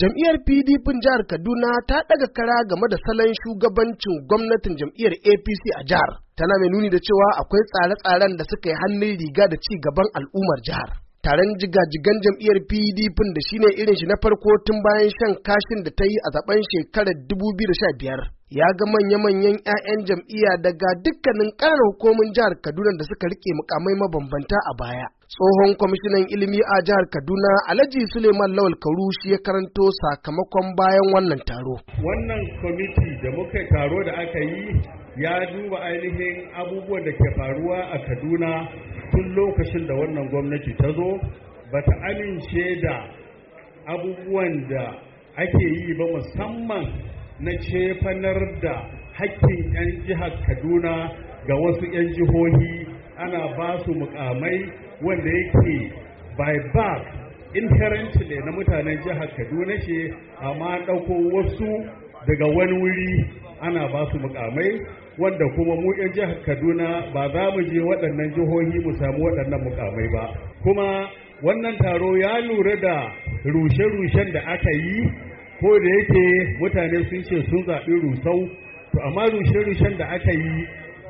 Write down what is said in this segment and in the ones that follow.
Jam'iyyar PDP jihar Kaduna ta ɗaga kara game da salon shugabancin gwamnatin jam'iyyar APC a jihar. Tana mai nuni da cewa akwai tsare-tsaren da suka yi hannun riga da ci gaban al'ummar jihar. Taron jigajigan jam'iyyar PDP da shine irin shi na farko tun bayan shan kashin da ta yi a zaben shekarar 2015. ya ga manya-manyan 'ya'yan jam'iyya daga dukkanin ƙarar hukumomin jihar Kaduna da suka rike mukamai mabambanta a baya. Tsohon kwamishinan ilimi a jihar Kaduna Alhaji Suleiman Lawal Karu shi ya karanto sakamakon bayan wannan taro. Wannan kwamiti da muka taro da aka yi ya duba ainihin abubuwan da ke faruwa a Kaduna tun lokacin da wannan gwamnati ta zo ba ta amince da abubuwan da ake yi ba musamman na cefanar da hakkin 'yan jihar kaduna ga wasu 'yan jihohi ana ba su mukamai wanda yake by back inherently na mutanen jihar kaduna ce amma ɗauko wasu daga wani wuri ana ba su mukamai wanda kuma mu 'yan jihar kaduna ba za mu je waɗannan jihohi mu samu waɗannan mukamai ba kuma wannan taro ya lura da rushe-rushen da aka yi ko da yake mutane sun ce sun zaɓi rusau to amma rushe-rushen da aka yi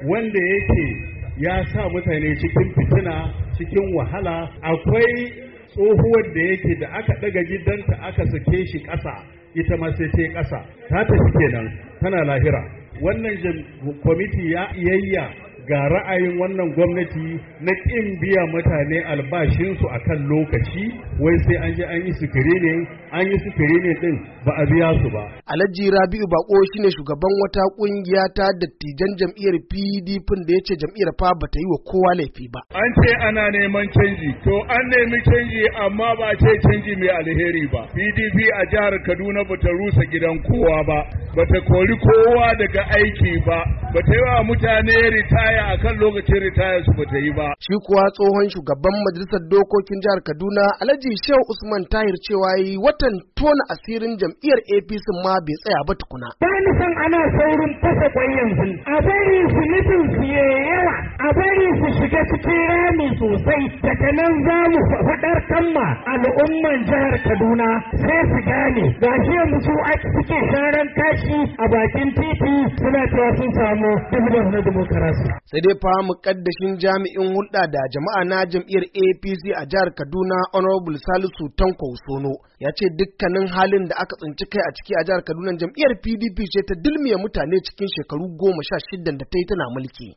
wanda yake ya sa mutane cikin fitina cikin wahala akwai tsohuwar da yake da aka daga gidanta aka sake shi ƙasa ita ma sai ƙasa ta tafi kenan tana lahira wannan kwamiti ya iyayya ga ra'ayin wannan gwamnati na ƙin biya mutane albashinsu a kan lokaci wai sai an ji an yi sufuri ne an yi ne ɗin ba a biya su ba. Alhaji Rabi'u Bako ne shugaban wata ƙungiya ta dattijan jam'iyyar PDP da ya ce jam'iyyar fa ba ta yi wa kowa laifi ba. An ce ana neman canji to an nemi canji amma ba ce canji mai alheri ba. PDP a jihar Kaduna ba ta rusa gidan kowa ba ba ta kori kowa daga aiki ba ba ta yi wa mutane ritaya a kan lokacin ritaya su ba ta yi ba. Shi kuwa tsohon shugaban majalisar dokokin jihar Kaduna Alhaji Shehu Usman Tahir cewa yi watan tona asirin jam'iyyar APC ma bai tsaya ba tukuna. Ba ni san ana saurin fasa kwai yanzu. A bari su nufin su yawa a bari su shiga cikin rami sosai daga nan za mu faɗar kamma al'umman jihar kaduna sai su gane ga shi yanzu su suke sharan kashi a bakin titi suna cewa sun samu dividend na demokarasi. sai dai fa muƙaddashin jami'in hulɗa da jama'a na jam'iyyar apc a jihar kaduna honorable salisu tanko sono ya ce dukkanin halin da aka tsinci kai a ciki a jihar kaduna jam'iyyar pdp ce ta dilmiya mutane cikin shekaru goma sha shidan da ta yi tana mulki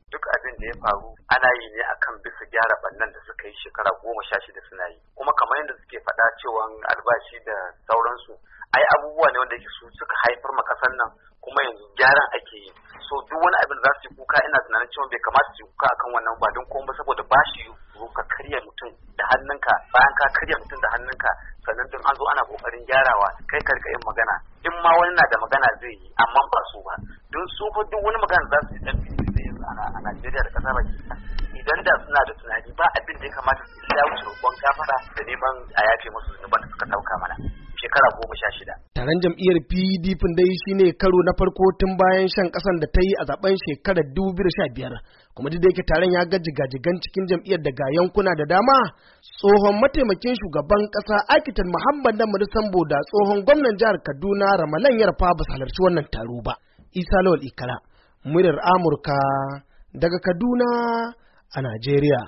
da ya faru ana yi ne akan bisa gyara bannan da suka yi shekara goma sha shida suna yi kuma kamar yadda suke faɗa cewa albashi da sauransu ai abubuwa ne wanda yake su suka haifar ma kasar nan kuma yanzu gyaran ake yi so duk wani abin za su yi kuka ina tunanin cewa bai kamata su yi kuka akan wannan ba don kuma saboda bashi ka karya mutum da hannunka bayan ka karya mutum da hannunka sannan don an zo ana kokarin gyarawa kai karka yin magana in ma wani na da magana zai yi amma ba su ba don su fa duk wani magana za su yi a Najeriya da ƙasa baki idan da suna da tunani ba abin da ya kamata su ya wuce roƙon gafara da neman a yafe musu zunuban da suka ɗauka mana shekara goma sha shida. Taron jam'iyyar PDP dai shine karo na farko tun bayan shan ƙasan da ta yi a zaben shekarar biyar, kuma duk da yake taron ya ga jigajigan cikin jam'iyyar daga yankuna da dama tsohon mataimakin shugaban ƙasa Akitan Muhammad na Sambo da tsohon gwamnan jihar Kaduna Ramalan Yarfa ba halarci wannan taro ba. Isa Lawal Ikara muryar Amurka daga Kaduna a Najeriya.